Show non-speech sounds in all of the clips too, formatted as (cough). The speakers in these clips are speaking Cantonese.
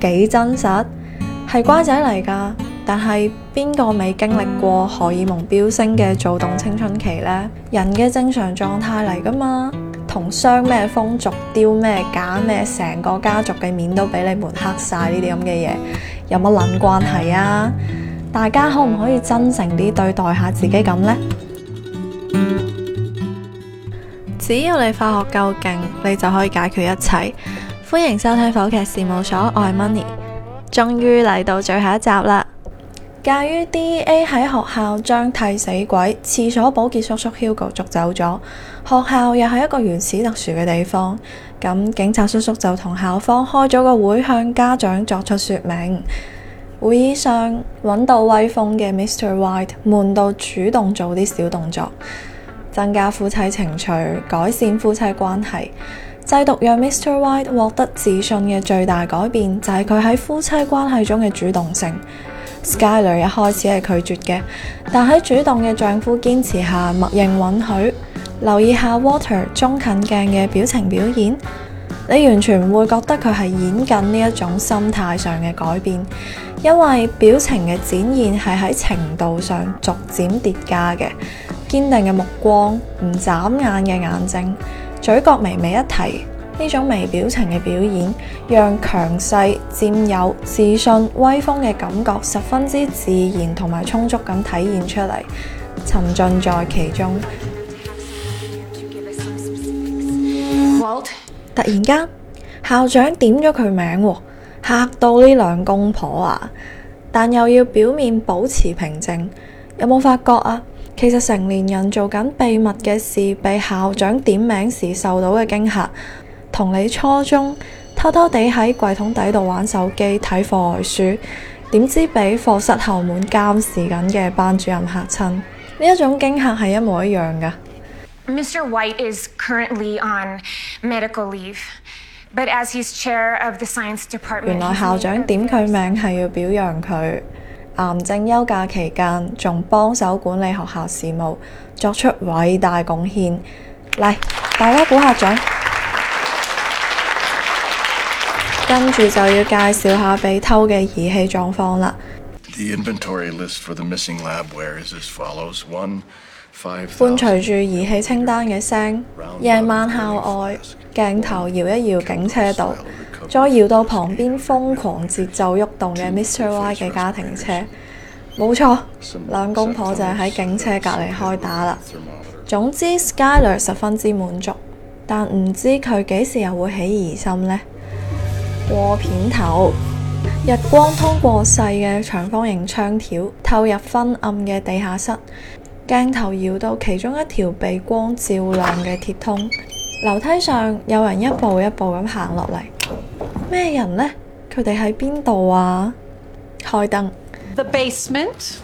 幾真實，係乖仔嚟噶。但係邊個未經歷過荷爾蒙飆升嘅躁動青春期呢？人嘅正常狀態嚟噶嘛，同傷咩風俗、丟咩假咩，成個家族嘅面都俾你們黑晒呢啲咁嘅嘢，有乜撚關係啊？大家可唔可以真誠啲對待下自己咁呢？ (music) 只要你化學夠勁，你就可以解決一切。歡迎收睇《剖劇事務所，我係 Money》，終於嚟到最後一集啦！鑒於 D A 喺學校將替死鬼廁所保潔叔叔 Hugo 捉走咗，學校又係一個原始特殊嘅地方，咁警察叔叔就同校方開咗個會，向家長作出說明。會議上，揾到威風嘅 Mr White 悶到主動做啲小動作，增加夫妻情趣，改善夫妻關係。製毒讓 Mr White 獲得自信嘅最大改變，就係佢喺夫妻關係中嘅主動性。Skyler 一開始係拒絕嘅，但喺主動嘅丈夫堅持下，默認允許。留意下 Water 中近鏡嘅表情表演，你完全唔會覺得佢係演緊呢一種心態上嘅改變，因為表情嘅展現係喺程度上逐漸疊加嘅。堅定嘅目光，唔眨眼嘅眼睛，嘴角微微一提，呢種微表情嘅表演，讓強勢、佔有、自信、威風嘅感覺十分之自然同埋充足咁體現出嚟，沉浸在其中。 (noise) 突然間，校長點咗佢名，嚇到呢兩公婆啊！但又要表面保持平靜，有冇發覺啊？其實成年人做緊秘密嘅事，被校長點名時受到嘅驚嚇，同你初中偷偷地喺櫃桶底度玩手機睇課外書，點知俾課室後門監視緊嘅班主任嚇親，呢一種驚嚇係一模一樣噶。Mr. White is currently on medical leave, but as he's chair of the science department, 原來校長點佢名係要表揚佢。癌症休假期間，仲幫手管理學校事務，作出偉大貢獻。嚟，大家鼓下掌。 (laughs) 跟住就要介紹下被偷嘅儀器狀況啦。The inventory list for the missing labware is as follows。伴隨住儀器清單嘅聲，夜晚校外鏡頭搖一搖，警車道。再搖到旁邊，瘋狂節奏喐動嘅 Mr. Y 嘅家庭車，冇錯，兩公婆就係喺警車隔離開打啦。總之，Skyler 十分之滿足，但唔知佢幾時又會起疑心呢？過片頭，日光通過細嘅長方形窗條，透入昏暗嘅地下室。鏡頭搖到其中一條被光照亮嘅鐵通樓梯上，有人一步一步咁行落嚟。咩人呢？佢哋喺邊度啊？開燈。The basement,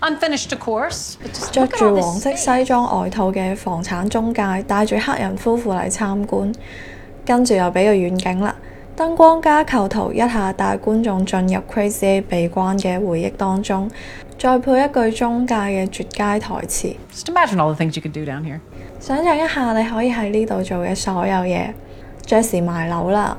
unfinished, of course。着住黃色西裝外套嘅房產中介帶住黑人夫婦嚟參觀，跟住又俾個遠景啦。燈光加構圖一下，帶觀眾進入 Crazy 被關嘅回憶當中，再配一句中介嘅絕佳台詞 Just imagine all the things you could do down here。想象一下你可以喺呢度做嘅所有嘢。Jesse 賣樓啦。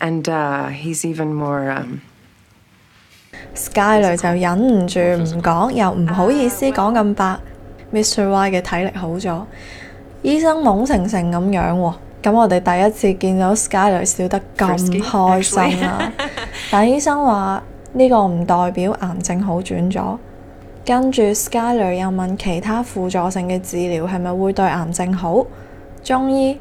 Uh, um、Skyler 就忍唔住唔講，又唔好意思講咁白。Uh, well, Mr. White 嘅體力好咗，醫生懵成成咁樣。咁、哦、我哋第一次見到 ky, 看見到 Skyler 笑得咁開心啊。actually. (laughs) 但醫生話呢、呢個唔代表癌症好轉咗。跟住 (laughs) Skyler 又問其他輔助性嘅治療係咪會對癌症好？中醫。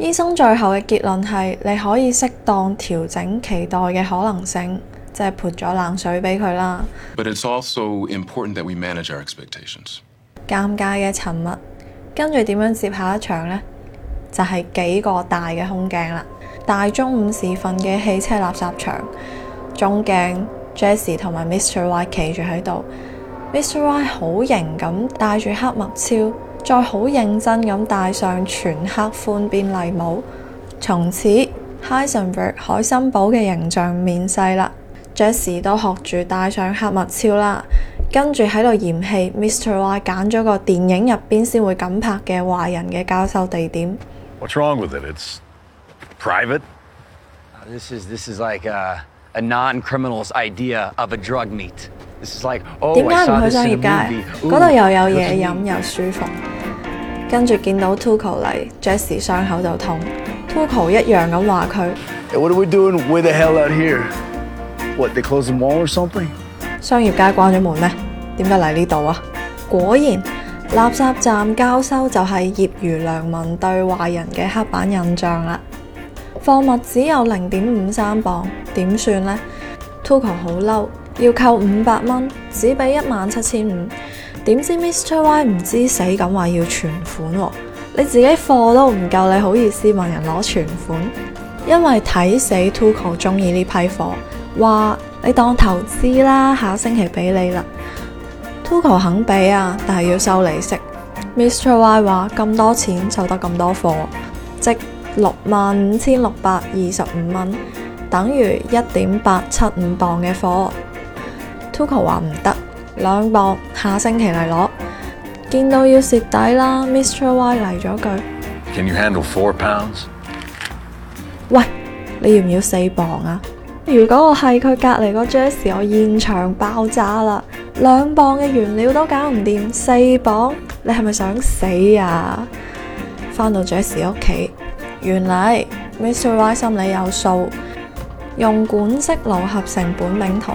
醫生最後嘅結論係，你可以適當調整期待嘅可能性，即係潑咗冷水俾佢啦。But it's also important that we manage our expectations. 尷尬嘅沉默，跟住點樣接下一場呢？就係幾個大嘅空鏡啦。大中午時分嘅汽車垃圾場，中鏡 Jesse 同埋 Mr White 企住喺度，Mr White 好型咁戴住黑墨超。再好認真咁戴上全黑寬邊禮帽，從此 Heisenberg, 海森堡海森堡嘅形象面世啦。Jesse 都學住戴上黑墨超啦，跟住喺度嫌棄 Mr Y 揀咗個電影入邊先會咁拍嘅壞人嘅交收地點。點解唔去商業街？嗰度又有嘢飲，又舒服。네跟住見到 Tuko 嚟，Jessie 傷口就痛。Tuko 一樣咁話佢。Or 商業街關咗門咩？點解嚟呢度啊？果然垃圾站交收就係業餘良民對壞人嘅黑板印象啦。貨物只有零點五三磅，點算呢？Tuko 好嬲，要扣五百蚊，只俾一萬七千五。點知 Mr Y 唔知死咁話要存款。你自己貨都唔夠，你好意思問人攞存款？因為睇死 Tuco 中意呢批貨，話你當投資啦，下星期俾你啦。Tuco 肯俾啊，但係要收利息。Mr Y 話咁多錢就得咁多貨，即六萬五千六百二十五蚊，等於一點八七五磅嘅貨。Tuco 話唔得。兩磅，下星期嚟攞。見到要蝕底啦，Mr Y 嚟咗句。Can you handle four pounds？喂，你要唔要四磅啊？如果我係佢隔籬個 Jesse，我現場爆炸啦！兩磅嘅原料都搞唔掂，四磅，你係咪想死啊？翻到 Jesse 屋企，原嚟 Mr Y 心理有數，用管式爐合成苯丙酮。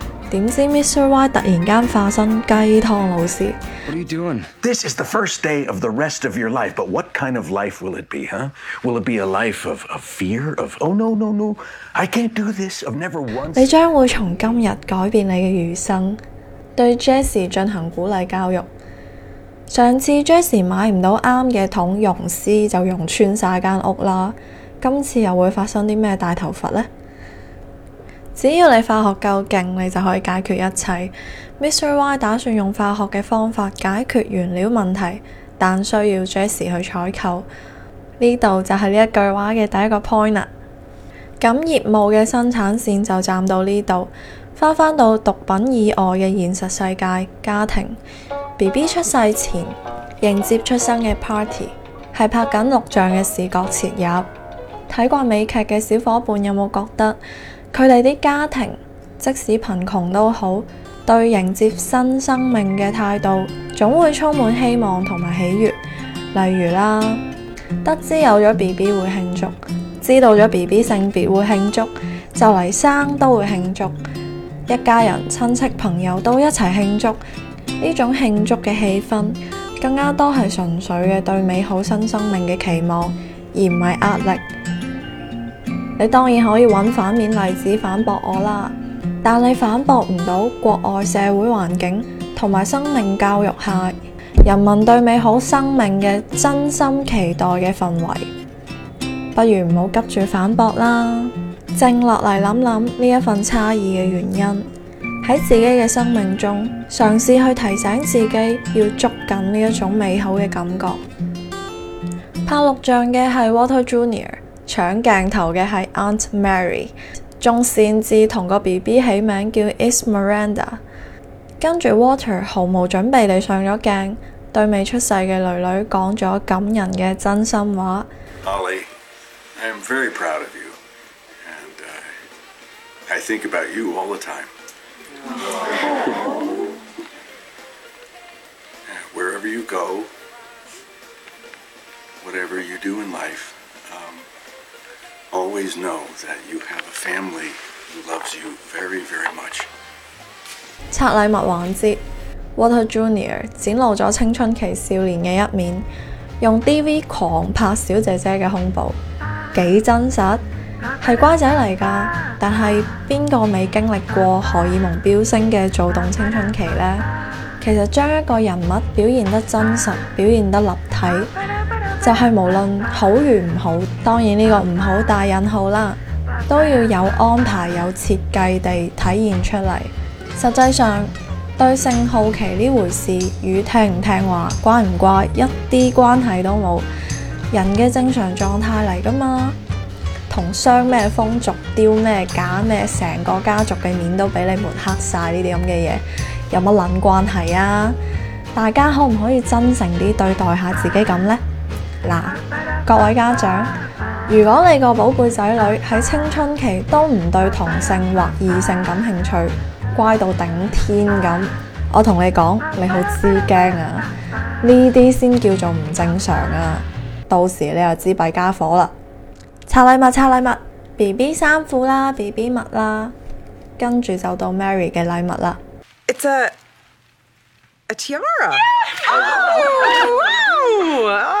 點知 Mr Y 突然間化身雞湯老師？Do this, I never once 你將會從今日改變你嘅餘生，對 Jessie 進行鼓勵教育。上次 Jessie 買唔到啱嘅桶溶屍，就溶穿晒間屋啦。今次又會發生啲咩大頭佛呢？只要你化學夠勁，你就可以解決一切。Mr Y 打算用化學嘅方法解決原料問題，但需要 Jesse 去採購。呢度就係呢一句話嘅第一個 point 啊。咁業務嘅生產線就站到呢度，返返到毒品以外嘅現實世界，家庭。B B 出世前迎接出生嘅 party，係拍緊錄像嘅視覺切入。睇過美劇嘅小伙伴有冇覺得？佢哋啲家庭，即使貧窮都好，對迎接新生命嘅態度，總會充滿希望同埋喜悅。例如啦，得知有咗 BB 會慶祝，知道咗 BB 性別會慶祝，就嚟生都會慶祝，一家人、親戚、朋友都一齊慶祝。呢種慶祝嘅氣氛，更加多係純粹嘅對美好新生命嘅期望，而唔係壓力。你當然可以揾反面例子反駁我啦，但你反駁唔到國外社會環境同埋生命教育下，人民對美好生命嘅真心期待嘅氛圍，不如唔好急住反駁啦，靜落嚟諗諗呢一份差異嘅原因，喺自己嘅生命中嘗試去提醒自己要捉緊呢一種美好嘅感覺。拍錄像嘅係 Walter Jr.。搶鏡頭嘅係 Aunt Mary，仲擅自同個 B B 起名叫 Is Miranda，跟住 Walter 毫無準備地上咗鏡，對未出世嘅女女講咗感人嘅真心話。拆禮物環節，Walter Junior 展露咗青春期少年嘅一面，用 DV 狂拍小姐姐嘅胸部，幾真實。係乖仔嚟噶，但係邊個未經歷過荷爾蒙飆升嘅躁動青春期呢？其實將一個人物表現得真實，表現得立體。就係無論好與唔好，當然呢個唔好帶引號啦，都要有安排、有設計地體現出嚟。實際上對性好奇呢回事，與聽唔聽話、乖唔乖一啲關係都冇，人嘅正常狀態嚟㗎嘛，同傷咩風俗、丟咩假咩，成個家族嘅面都俾你哋黑曬呢啲咁嘅嘢，有乜撚關係啊？大家可唔可以真誠啲對待下自己咁咧？嗱，各位家長，如果你個寶貝仔女喺青春期都唔對同性或異性感興趣，乖到頂天咁，我同你講，你好知驚啊！呢啲先叫做唔正常啊！到時你又知弊家伙啦！拆禮物，拆禮物，B B 衫褲啦，B B 襪啦，跟住就到 Mary 嘅禮物啦。It's a a tiara。Yeah. Oh, wow.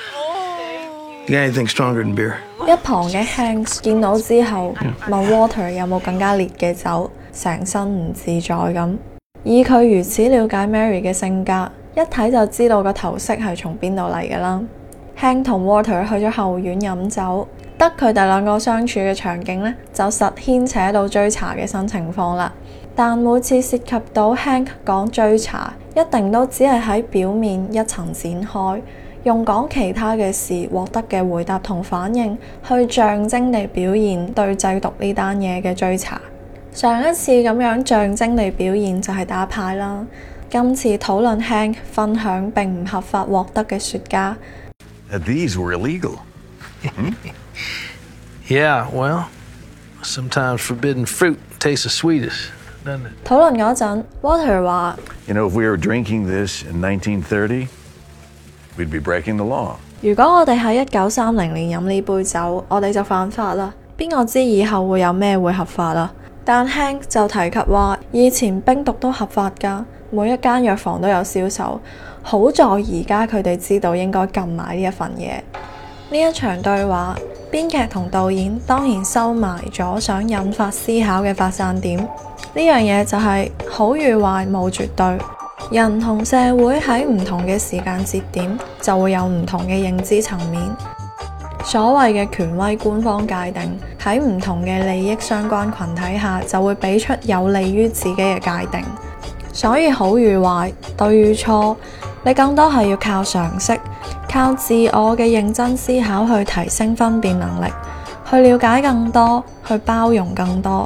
一旁嘅 Hank 見到之後， (music) 問 Water 有冇更加烈嘅酒，成身唔自在咁。以佢如此了解 Mary 嘅性格，一睇就知道個頭飾係從邊度嚟嘅啦。 (music) Hank 同 Water 去咗後院飲酒，得佢哋兩個相處嘅場景呢，就實牽扯到追查嘅新情況啦。但每次涉及到 Hank 講追查，一定都只係喺表面一層展開。用講其他嘅事獲得嘅回答同反應，去象徵地表現對製毒呢單嘢嘅追查。上一次咁樣象徵地表現就係打牌啦。今次討論緊分享並唔合法獲得嘅雪茄。Fruit the 討論嗰陣，Walter 話：，討論嗰陣，Walter 話。You know, We'd be breaking the law. 如果我哋喺一九三零年飲呢杯酒，我哋就犯法啦。邊個知以後會有咩會合法啦？但 Hank 就提及話，以前冰毒都合法噶，每一間藥房都有銷售。好在而家佢哋知道應該禁埋呢一份嘢。呢一場對話，編劇同導演當然收埋咗想引發思考嘅發散點。呢樣嘢就係、是、好與壞冇絕對。人同社會喺唔同嘅時間節點，就會有唔同嘅認知層面。所謂嘅權威官方界定，喺唔同嘅利益相關群體下，就會俾出有利於自己嘅界定。所以好與壞，對與錯，你更多係要靠常識，靠自我嘅認真思考去提升分辨能力，去了解更多，去包容更多。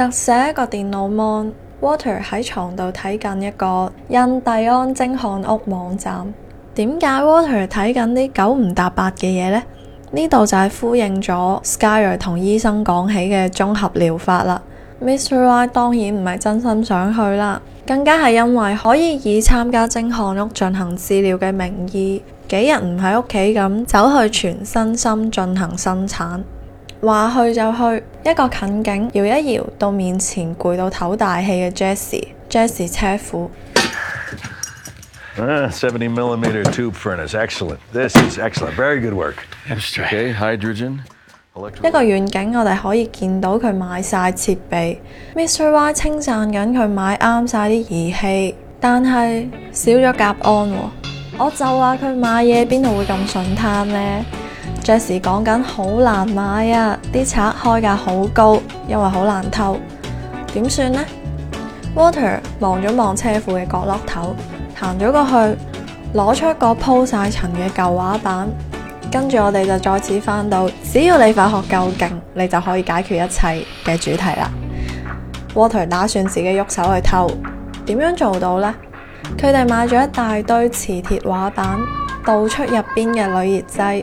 特寫一個電腦網，Water 喺床度睇緊一個印第安精漢屋網站。點解 Water 睇緊啲九唔搭八嘅嘢呢？呢度就係呼應咗 Skyler 同醫生講起嘅綜合療法啦。Mr. White 當然唔係真心想去啦，更加係因為可以以參加精漢屋進行治療嘅名義，幾日唔喺屋企咁，走去全身心進行生產。話去就去，一個近景搖一搖到面前攰到唞大氣嘅 Jesse，Jesse i i 車夫。一個遠景我哋可以見到佢買晒設備，Mr Y 稱讚緊佢買啱晒啲儀器，但係、right、少咗甲胺，我就話佢買嘢邊度會咁順攤呢？爵士講緊好難買啊！啲賊開價好高，因為好難偷。點算呢？Water 望咗望車庫嘅角落頭，行咗過去，攞出一個鋪曬塵嘅舊畫板，跟住我哋就再次翻到。只要你化學夠勁，你就可以解決一切嘅主題啦。Water 打算自己喐手去偷，點樣做到呢？佢哋買咗一大堆磁鐵畫板，倒出入邊嘅鋁熱劑。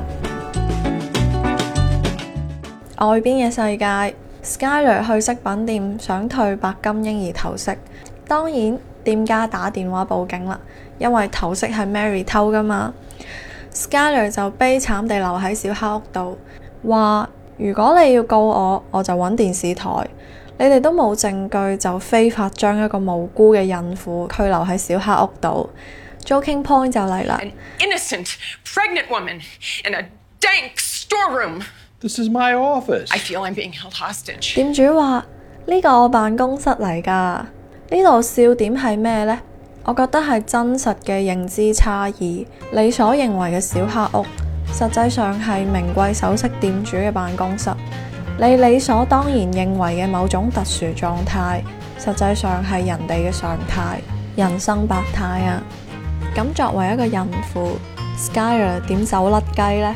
外邊嘅世界，Skyler 去飾品店想退白金嬰兒頭飾，當然店家打電話報警啦，因為頭飾係 Mary 偷噶嘛。Skyler 就悲慘地留喺小黑屋度，話如果你要告我，我就揾電視台，你哋都冇證據就非法將一個無辜嘅孕婦拘留喺小黑屋度。Joking Point 就嚟啦。This is my office. I feel I'm being held hostage. 店主話：呢個我辦公室嚟噶，呢度笑點係咩呢？我覺得係真實嘅認知差異。你所認為嘅小黑屋，實際上係名貴首飾店主嘅辦公室。你理所當然認為嘅某種特殊狀態，實際上係人哋嘅常態。人生百態啊！咁作為一個孕婦，Skyler 點走甩雞呢？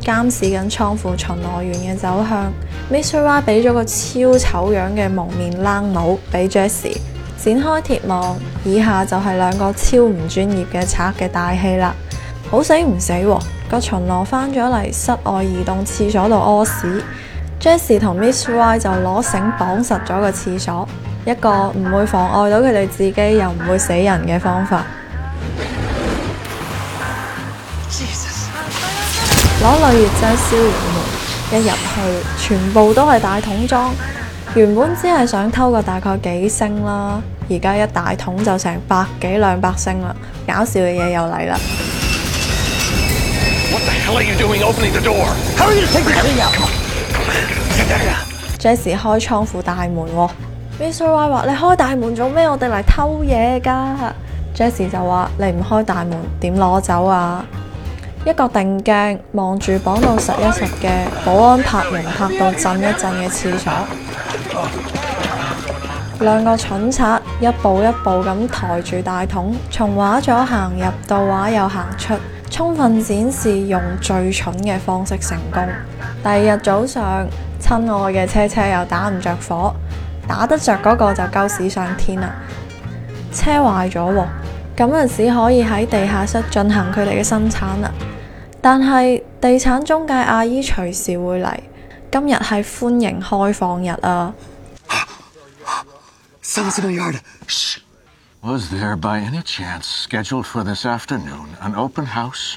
監視緊倉庫巡邏員嘅走向，Miss White 俾咗個超醜樣嘅蒙面冷帽俾 Jess 展 e 剪開鐵網，以下就係兩個超唔專業嘅賊嘅大戲啦。好死唔死、啊，個巡邏返咗嚟室外移動廁所度屙屎。Jess 同 Miss White 就攞繩綁實咗個廁所，一個唔會妨礙到佢哋自己又唔會死人嘅方法。攞鋁業將消防門一入去，全部都係大桶裝。原本只係想偷個大概幾升啦，而家一大桶就成百幾兩百升啦。搞笑嘅嘢又嚟啦！Jesse 開倉庫大門，Mr. White 話你開大門做咩？我哋嚟偷嘢噶。Jesse 就話：你唔開大門點攞走啊？一個定鏡望住綁到實一實嘅保安拍門拍到震一震嘅廁所，兩個蠢賊一步一步咁抬住大桶，從畫左行入到畫右行出，充分展示用最蠢嘅方式成功。第二日早上，親愛嘅車車又打唔着火，打得着嗰個就鳩屎上天啦，車壞咗喎。咁啊，只可以喺地下室進行佢哋嘅生產啦。但係地產中介阿姨隨時會嚟，今日係歡迎開放日啊！Was there by any chance scheduled for this afternoon an open house? .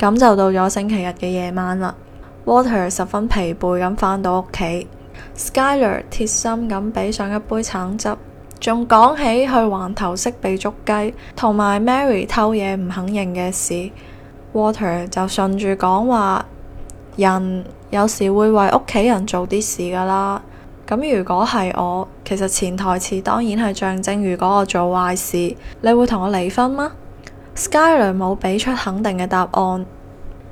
咁就到咗星期日嘅夜晚啦。Water 十分疲憊咁返到屋企，Skyler 貼心咁俾上一杯橙汁，仲講起去橫頭磡被捉雞，同埋 Mary 偷嘢唔肯認嘅事。Water 就順住講話，人有時會為屋企人做啲事噶啦。咁如果係我，其實潛台詞當然係象徵，如果我做壞事，你會同我離婚嗎？Skyler 冇俾出肯定嘅答案，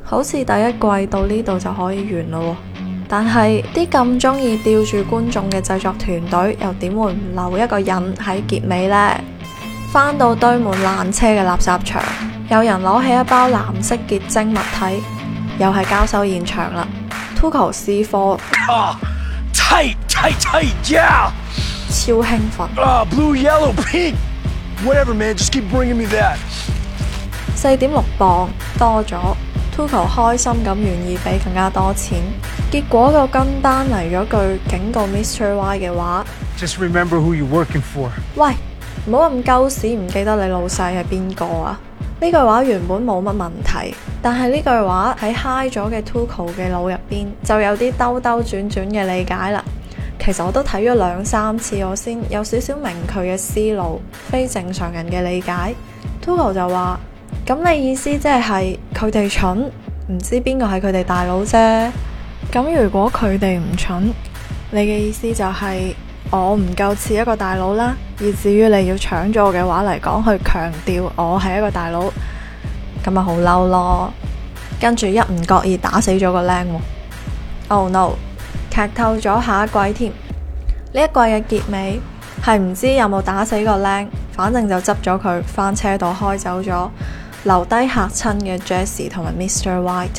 好似第一季到呢度就可以完咯。但係啲咁中意吊住觀眾嘅製作團隊，又點會唔留一個人喺結尾呢？返到堆滿爛車嘅垃圾場，有人攞起一包藍色結晶物體，又係交手現場啦！Tuco 試貨，齊齊齊 yeah 超興奮！uh,blue, yellow, pink，whatever man，just keep bringing me that。四點六磅多咗，Tuco 開心咁願意俾更加多錢。結果個跟班嚟咗句警告 Mr.Y 嘅話：Just remember who you working for。喂，唔好咁鳩屎，唔記得你老細係邊個啊？呢句話原本冇乜問題，但係呢句話喺嗨咗嘅 Tuco 嘅腦入邊就有啲兜兜轉轉嘅理解啦。其實我都睇咗兩三次，我先有少少明佢嘅思路，非正常人嘅理解。Tuco 就話。咁你意思即係佢哋蠢，唔知邊個係佢哋大佬啫？咁如果佢哋唔蠢，你嘅意思就係、是、我唔夠似一個大佬啦。以至於你要搶咗我嘅話嚟講，去強調我係一個大佬，咁咪好嬲咯。跟住一唔覺意打死咗個僆，哦、oh、no，劇透咗下一季添。呢一季嘅結尾係唔知有冇打死個僆，反正就執咗佢返車度開走咗。留低嚇親嘅 Jessie 同埋 Mr. White。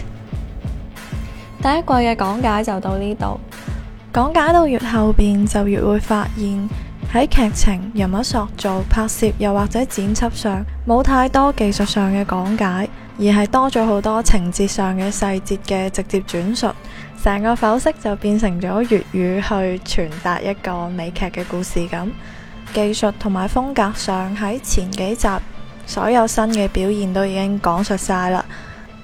第一季嘅講解就到呢度。講解到越後面就越會發現，喺劇情、人物塑造、拍攝又或者剪輯上，冇太多技術上嘅講解，而係多咗好多情節上嘅細節嘅直接轉述。成個剖析就變成咗粵語去傳達一個美劇嘅故事咁。技術同埋風格上，喺前幾集。所有新嘅表現都已經講述晒啦，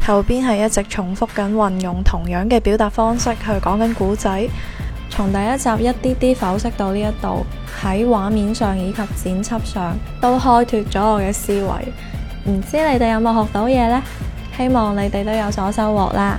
後邊係一直重複緊運用同樣嘅表達方式去講緊古仔，從第一集一啲啲剖析到呢一度，喺畫面上以及剪輯上都開脱咗我嘅思維。唔知你哋有冇學到嘢呢？希望你哋都有所收穫啦。